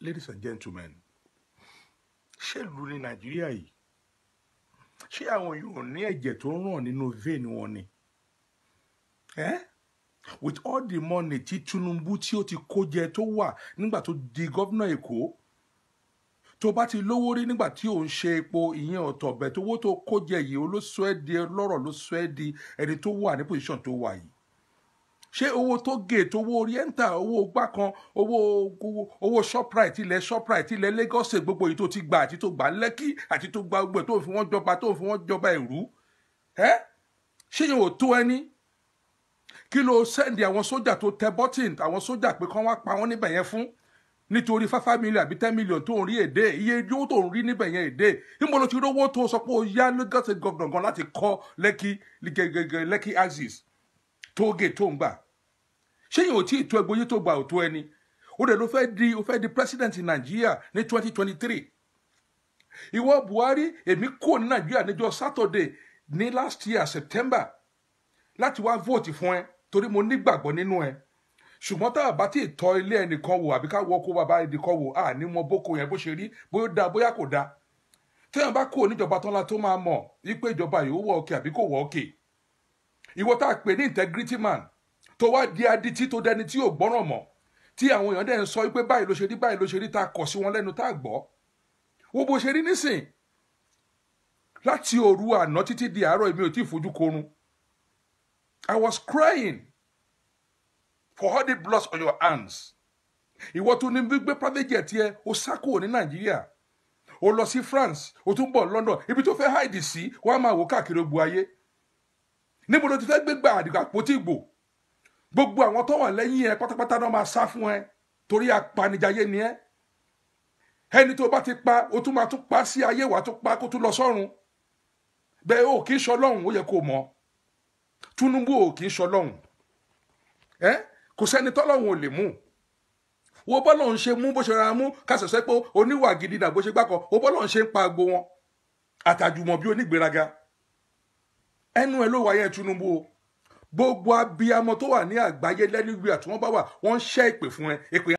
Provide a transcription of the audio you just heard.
ladies and gentlemen ṣé ìlú ní nàìjíríà yìí ṣé àwọn yóò ní ẹ̀jẹ̀ tó ń ràn nínú vein wọn ni with all the money tí Tinubu tí ó ti kó jẹ tó wà nígbà tó di gómìnà Èkó tó bá ti lówó rí nígbà tí ò ń ṣe epo ìyẹn ọ̀tọ̀ bẹ̀ tó wó tó kó jẹ yìí ó ọlọ́rọ̀ ló ẹni tó wà ní pòsíṣàn tó wà yìí ṣé owó tó gèètì owó oriental owó gbá kan owó owó shoprite ilẹ̀ shoprite ilẹ̀ lagos gbogbo èyí tó ti gbà àti tó gbà lẹ́kì àti tó gba gbogbo tó fi wọ́n jọba tó fi wọ́n jọba ìrú ẹ́ ṣé yóò tó ẹni kí ló sẹ́ndì àwọn sójà tó tẹ bọ́tìn àwọn sójà pé kán wá pa wọ́n níbẹ̀ yẹn fún nítorí five million àbí ten million tó ń rí èdè iye yóò tó ń rí níbẹ̀ yẹn èdè níbo ló ti rówó tó sọ pé ó yá Lagos governor gan láti kọ́ lẹ́kì lẹ́kì axis tóógè tó ń gbà ṣé yóò tí ì tó ẹgbẹ́ oyè tó gbà ò tó ẹni ó dẹ̀ ló fẹ́ di ó fẹ́ di president nàìjíríà ní twenty twenty three ìwọ buhari èmi kò ní nàìjíríà níjọ́ saturday ní last year september láti wá vote fún ẹ torí mo nígbàgbọ́ nínú ẹ ṣùgbọ́n tá a bá tí ì tọ́ ilé ẹnìkan wò àbí ká wọ kó bàbá ẹnìkan wò à ní boko yẹn bó ṣe rí bóyá ó dáa bóyá kò dáa téèyàn bá kú oníjọba tán la tó máa mọ̀ wípé ìjọba yìí ó wọ òkè àbí kò wọ òkè ìwọ tá a pè ní integrity man tó wá di adití tó dẹni tí ò gbọ́ràn mọ́ tí àwọn èèyàn dẹ̀ ń sọ wípé báyìí ló ṣe rí báyìí ló ṣe rí tá a kọ̀ sí wọn lẹ́nu tá a gbọ́ wo bó ṣe rí nísìn láti òru àná títí di àárọ̀ èmi ò tí ì fojú korun I was crying for all the blood on your hands ìwọ tó ní gbígbé private jet yẹ o sá kúrò ní Nàìjíríà o lọ sí France o tún bọ̀ London ibi tó fẹ́ hide sí wàá máa wò káàkiri gbogbo ayé níbo ló ti fẹ́ gbégbá àdìgbà àpótí ìgbò gbogbo àwọn tó wà lẹ́yìn ẹ pátápátá náà máa sá fún ẹ torí apanijayé ni ẹ ẹni tó bá ti pa o tún máa tún pa sí ayé wa tó pa kó tún lọ sọ́run bẹ́ẹ̀ o kì í ṣọlọ́run ó yẹ kó mọ̀ Tinubu o kì í ṣọlọ́run ẹ kò sẹ́ni tọ́lọ́run ò lè mú wo bọ́lọ̀ ń ṣe mú bó ṣe ra mú kásẹ̀sẹ̀ pé oníwà gidi nàgbó ṣe gbákọ̀ wo bọ́lọ̀ ń ṣe ń pa agbo wọn àtàjùmọ̀ bí onígbéraga ẹnu ẹ ló wáyé Tinubu o gbogbo abiyamọ tó wà ní àgbáyé lẹ́nu ìgbà tí wọ́n bá wà wọ́n ń ṣẹ́ ìpè fún ẹ ìpè